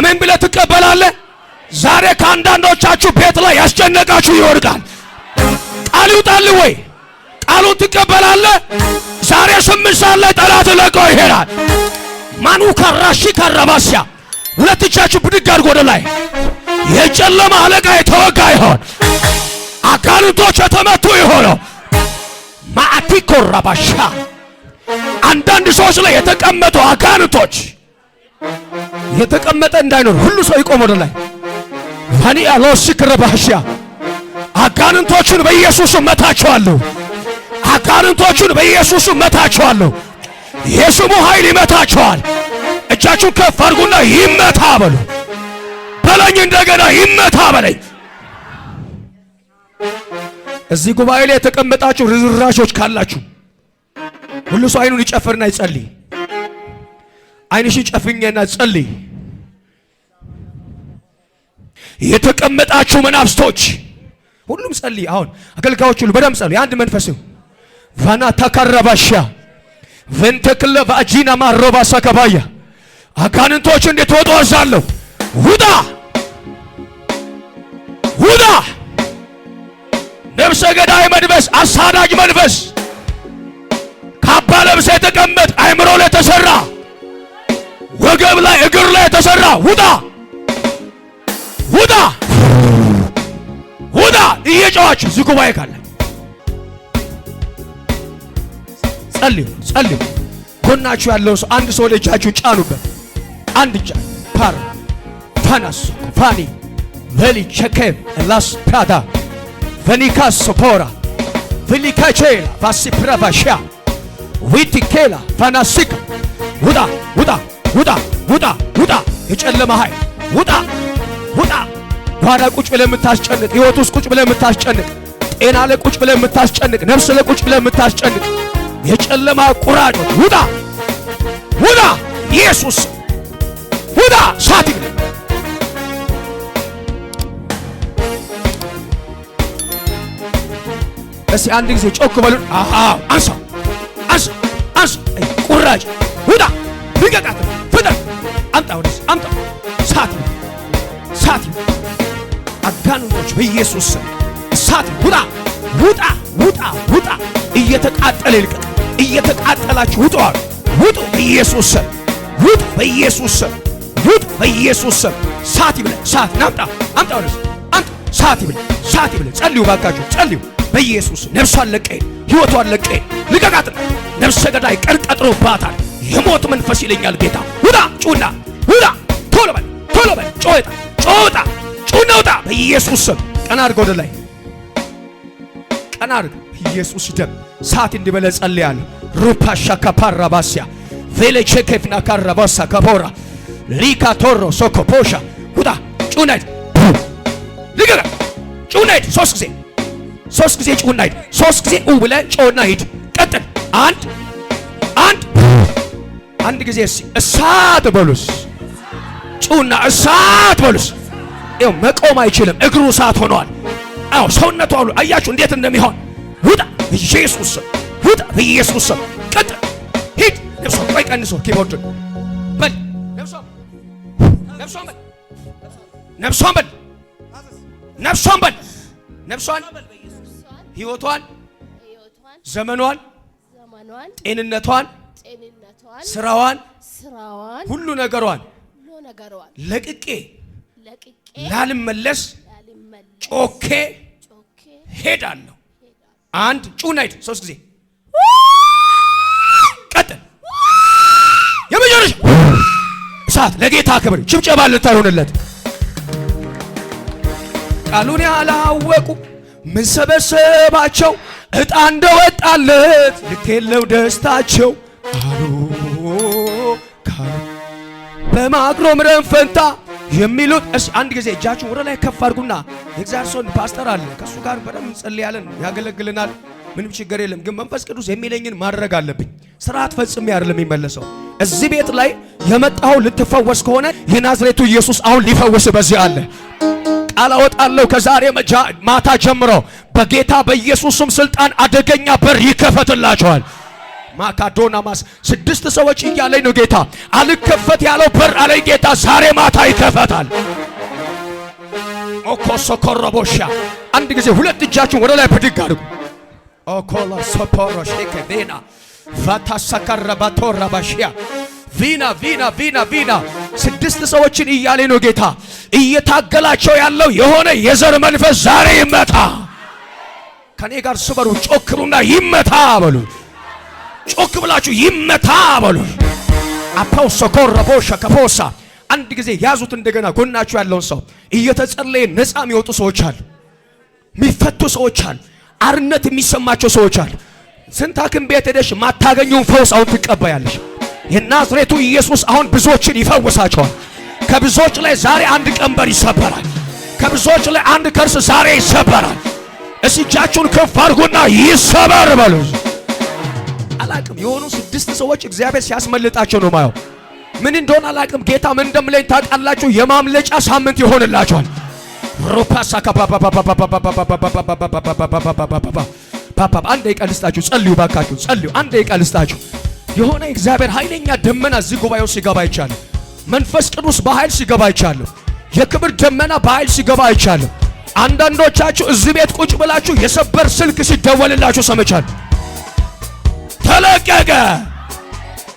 አሜን ብለህ ትቀበላለህ። ዛሬ ከአንዳንዶቻችሁ ቤት ላይ ያስጨነቃችሁ ይወድቃል። ቃል ይውጣል ወይ? ቃሉን ትቀበላለህ። ዛሬ ስምንት ሰዓት ላይ ጠላት ለቆ ይሄዳል። ማኑ ካራሺ ካራባሲያ ሁለት እጃችሁ ብድግ አድርጎ ወደ ላይ። የጨለማ አለቃ የተወጋ ይሆን፣ አጋንንቶች የተመቱ ይሆነው ማአቲ ኮራባሻ አንዳንድ ሰዎች ላይ የተቀመጡ አጋንንቶች የተቀመጠ እንዳይኖር ሁሉ ሰው ይቆም ወደ ላይ ፋኒ አሎሽ ክረባሽያ አጋንንቶቹን በኢየሱስ መታቸዋለሁ። አጋንንቶቹን በኢየሱስ መታቸዋለሁ። የስሙ ኃይል ይመታቸዋል። እጃችሁን ከፍ አድርጉና ይመታ በሉ በለኝ። እንደገና ይመታ በለኝ። እዚህ ጉባኤ ላይ የተቀመጣችሁ ርዝራሾች ካላችሁ ሁሉ ሰው አይኑን ይጨፍርና ይጸልይ። አይንሽን ጨፍኝና ጸልይ። የተቀመጣችሁ መናፍስቶች ሁሉም ጸልይ። አሁን አገልጋዮች ሁሉ በደም ጸልይ። አንድ መንፈስ ቫና ተከረባሻ ቨንተክለ ቫጂና ማሮባ ሰከባያ አጋንንቶች እንዴት ወጡ አዛለሁ። ውጣ ውጣ! ነፍሰ ገዳይ መንፈስ፣ አሳዳጅ መንፈስ፣ ካባ ለብሰ የተቀመጥ አይምሮ ለተሰራ ወገብ ላይ እግር ላይ የተሰራ ውጣ ውጣ ውጣ እየጨዋች እዚህ ጉባኤ ካለ ጸልዩ ጸልዩ። ጎናችሁ ያለው ሰው አንድ ሰው ልጃችሁ ጫኑበት። አንድ ጫ ፓር ፋናስ ፋኒ ቬሊ ቸኬም ላስ ፕራዳ ቬኒካስ ሶፖራ ቬሊካቼላ ቫሲፕራቫሻ ዊቲኬላ ፋናሲካ ውጣ ውጣ ውጣ ውጣ ውጣ፣ የጨለማ ኃይል ውጣ ውጣ። ጓዳ ቁጭ ብለህ የምታስጨንቅ ሕይወት ውስጥ ቁጭ ብለህ የምታስጨንቅ ጤና ላይ ቁጭ ብለህ የምታስጨንቅ ነፍስ ላይ ቁጭ ብለህ የምታስጨንቅ የጨለማ ቁራጮች ውጣ ውጣ፣ ኢየሱስ ውጣ፣ ሳት ይግለጥ አንድ ጊዜ ጮክ በሉን። አንሳ አንሳ አንሳ ቁራጭ ውጣ ልቀቃት አሁንስ አምጣ ሳት ሳት አጋንኖች በኢየሱስ ስም እሳት ውጣ ውጣ ውጣ ውጣ። እየተቃጠለ ይልቀቅ። እየተቃጠላችሁ ውጡ ውጡ በኢየሱስ ስም ውጡ በኢየሱስ ስም ውጡ በኢየሱስ ስም። ሳት ይብለ ሳት ናምጣ አምጣ አሁንስ አምጣ ሳት ይብለ ሳት ይብለ። ጸልዩ ባካችሁ ጸልዩ በኢየሱስ ነፍሷን ለቀይ ህይወቷን ለቀይ ልቀቃት። ነፍሰ ገዳይ ቀን ቀጥሮባታል። የሞት መንፈስ ይለኛል ጌታ ውጣ ጩና ውጣ፣ ቶሎ በል፣ ቶሎ በል፣ ጮውጣ፣ ጮውጣ፣ ጩና ውጣ በኢየሱስ ስም። ቀና አድርገው ወደ ላይ ቀና አድርገው በኢየሱስ ደም ሰዓት እንዲበለ ጸልያለሁ። ሩፓ ሻካ ፓራባሲያ ቬሌ ቼኬፍና ካራባሳ ካፖራ ሪካ ቶሮ ሶኮ ፖሻ ውጣ፣ ጩና ሂድ፣ ልቀቅ፣ ጩና ሶስት ጊዜ ሶስት ጊዜ ጩና ሂድ። ሶስት ጊዜ ኡ ብለህ ጮና ሂድ። ቀጥል። አንድ አንድ አንድ ጊዜ እሳት በሉስ ጩና እሳት በሉስ። ይኸው መቆም አይችልም። እግሩ እሳት ሆኗል። አዎ ሰውነቱ አሉ አያችሁ እንዴት እንደሚሆን ውጣ በኢየሱስ ስም ውጣ በኢየሱስ ስም ቀጥ ሂድ ለብሶ ቆይ ቀንሶ ኪቦርድ በል ነፍሶ ለብሶ በል ነፍሶ በል ነፍሶ በል ነፍሷን ህይወቷን ዘመኗን ጤንነቷን ስራዋን ሁሉ ነገሯን ነገረዋል። ለቅቄ ላልመለስ ጮኬ ሄዳለሁ። አንድ ጩና ሂድ ሶስት ጊዜ ቀጥል። የመጨረሻ እሳት ለጌታ ክብር ጭብጨባ ልታ ቃሉን ያላወቁ ምን እጣ እንደወጣለት ልክ የለው ደስታቸው አሉ በማግሮምረም ፈንታ የሚሉት እሺ፣ አንድ ጊዜ እጃችሁ ወደ ላይ ከፍ አድርጉና የእግዚአብሔር ሰው ፓስተር አለ፣ ከእሱ ጋር በደንብ እንጸልያለን፣ ያገለግልናል፣ ምንም ችግር የለም። ግን መንፈስ ቅዱስ የሚለኝን ማድረግ አለብኝ። ስርዓት ፈጽሜ አይደለም የሚመለሰው። እዚህ ቤት ላይ የመጣኸው ልትፈወስ ከሆነ የናዝሬቱ ኢየሱስ አሁን ሊፈውስ በዚህ አለ። ቃል አወጣለሁ ከዛሬ ማታ ጀምሮ በጌታ በኢየሱስም ስልጣን አደገኛ በር ይከፈትላቸዋል። ማካዶና ስድስት ሰዎች እያለኝ ነው ጌታ አልከፈት ያለው በር አለኝ ጌታ ዛሬ ማታ ይከፈታል። ኦኮሶኮረቦሻ አንድ ጊዜ ሁለት እጃችሁን ወደ ላይ ብድግ አድርጉ። ኦኮላ ሶፖሮሽ ከቬና ቫታሳካረባቶራባሽያ ቪና ቪና ቪና ቪና ስድስት ሰዎችን እያለኝ ነው ጌታ እየታገላቸው ያለው የሆነ የዘር መንፈስ ዛሬ ይመታ። ከኔ ጋር ስበሩ ጮክሩና ይመታ በሉ። ጮክ ብላችሁ ይመታ በሉ። አፓውሶ ቦሻ ከፖሳ አንድ ጊዜ ያዙት። እንደገና ጎናችሁ ያለውን ሰው እየተጸለየ ነፃ የሚወጡ ሰዎች አሉ፣ የሚፈቱ ሰዎች አሉ፣ አርነት የሚሰማቸው ሰዎች አሉ። ስንት ሐኪም ቤት ሄደሽ ማታገኙን ፈውስ አሁን ትቀበያለሽ። የናዝሬቱ ኢየሱስ አሁን ብዙዎችን ይፈውሳቸዋል። ከብዙዎች ላይ ዛሬ አንድ ቀንበር ይሰበራል። ከብዙዎች ላይ አንድ ከርስ ዛሬ ይሰበራል። እስጃችሁን ከፍ አድርጉና ይሰበር በሉ። አላቅም። የሆኑ ስድስት ሰዎች እግዚአብሔር ሲያስመልጣቸው ነው ማየው። ምን እንደሆነ አላቅም። ጌታ ምን እንደምለኝ ታውቃላችሁ? የማምለጫ ሳምንት ይሆንላችኋል። አንድ ደቂቃ ልስጣችሁ፣ ጸልዩ ባካችሁ፣ ጸልዩ። አንድ ደቂቃ ልስጣችሁ። የሆነ እግዚአብሔር ኃይለኛ ደመና እዚህ ጉባኤው ሲገባ ይቻለሁ። መንፈስ ቅዱስ በኃይል ሲገባ ይቻለሁ። የክብር ደመና በኃይል ሲገባ ይቻለሁ። አንዳንዶቻችሁ እዚህ ቤት ቁጭ ብላችሁ የሰበር ስልክ ሲደወልላችሁ ሰምቻለሁ። ተለቀቀ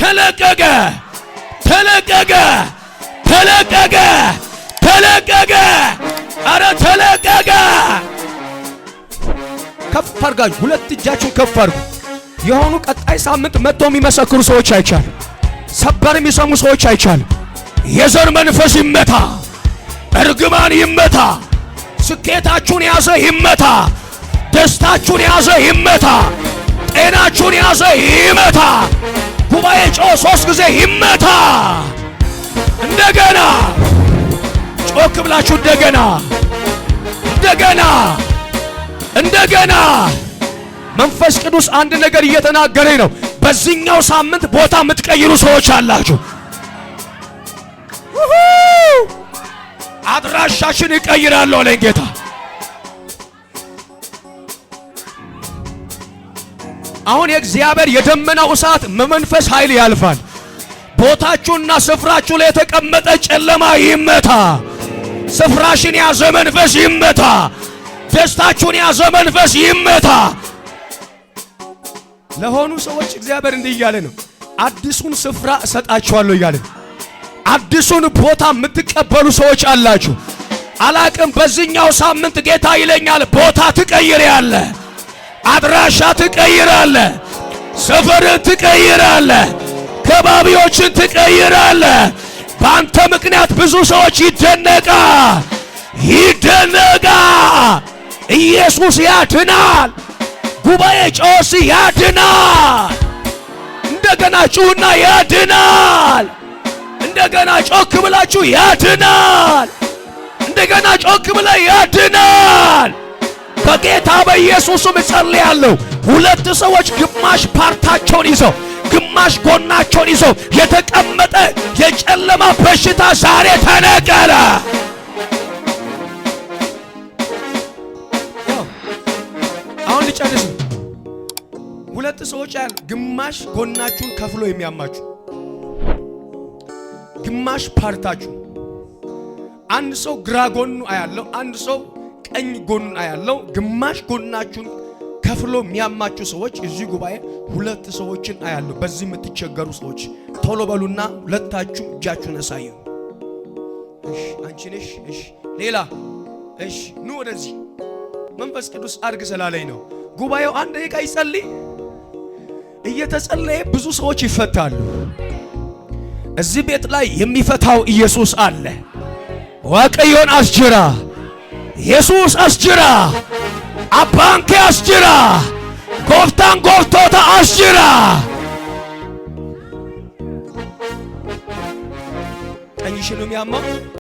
ተለቀቀ ተለቀቀ ተለቀቀ ተለቀቀ አረ ተለቀቀ። ከፍ አድርጋችሁ ሁለት እጃችሁን ከፍ አድርጉ። የሆኑ ቀጣይ ሳምንት መጥተው የሚመሰክሩ ሰዎች አይቻል ሰበር የሚሰሙ ሰዎች አይቻል። የዘር መንፈስ ይመታ፣ እርግማን ይመታ፣ ስኬታችሁን የያዘ ይመታ፣ ደስታችሁን የያዘ ይመታ። ጤናችሁን ያዘ ይመታ። ጉባኤ ጮ ሶስት ጊዜ ይመታ። እንደገና ጮክ ብላችሁ እንደገና እንደገና እንደገና። መንፈስ ቅዱስ አንድ ነገር እየተናገረኝ ነው። በዚህኛው ሳምንት ቦታ የምትቀይሩ ሰዎች አላችሁ። አድራሻችን እቀይራለሁ አለኝ ጌታ። አሁን የእግዚአብሔር የደመናው እሳት መንፈስ ኃይል ያልፋል። ቦታችሁና ስፍራችሁ ላይ የተቀመጠ ጨለማ ይመታ። ስፍራሽን ያዘ መንፈስ ይመታ። ደስታችሁን ያዘ መንፈስ ይመታ። ለሆኑ ሰዎች እግዚአብሔር እንዲህ እያለ ነው፣ አዲሱን ስፍራ እሰጣችኋለሁ እያለ ነው። አዲሱን ቦታ የምትቀበሉ ሰዎች አላችሁ። አላቅም። በዚህኛው ሳምንት ጌታ ይለኛል ቦታ ትቀይሬ አለ። አድራሻ ትቀይራለ፣ ሰፈርን ትቀይራለ፣ ከባቢዎችን ትቀይራለ። በአንተ ምክንያት ብዙ ሰዎች ይደነቃ ይደነቃ። ኢየሱስ ያድናል። ጉባኤ ጮስ ያድናል። እንደገና ጩና ያድናል። እንደገና ጮክ ብላችሁ ያድናል። እንደገና ጮክ ብላ ያድናል። በጌታ በኢየሱስም እጸልያለሁ። ሁለት ሰዎች ግማሽ ፓርታቸውን ይዘው ግማሽ ጎናቸውን ይዘው የተቀመጠ የጨለማ በሽታ ዛሬ ተነቀለ። አሁን ልጨርስ። ሁለት ሰዎች ያን ግማሽ ጎናችሁን ከፍሎ የሚያማችሁ ግማሽ ፓርታችሁ፣ አንድ ሰው ግራ ጎኑ አያለው፣ አንድ ሰው ቀኝ ጎን ያለው ግማሽ ጎናችሁን ከፍሎ የሚያማችሁ ሰዎች እዚህ ጉባኤ ሁለት ሰዎችን አያሉ። በዚህ የምትቸገሩ ሰዎች ቶሎ በሉና ሁለታችሁ እጃችሁን አሳዩ። እሺ፣ አንቺ ነሽ። እሺ፣ ሌላ። እሺ፣ ኑ ወደዚህ። መንፈስ ቅዱስ አድርግ ስላለኝ ነው። ጉባኤው አንድ ደቂቃ ይጸልይ። እየተጸለየ ብዙ ሰዎች ይፈታሉ። እዚህ ቤት ላይ የሚፈታው ኢየሱስ አለ። ዋቀዮን አስጅራ። Yesuus as jira, abbaankee as jira, gooftaan gooftoota as jira. Kan ishinu mi'amma.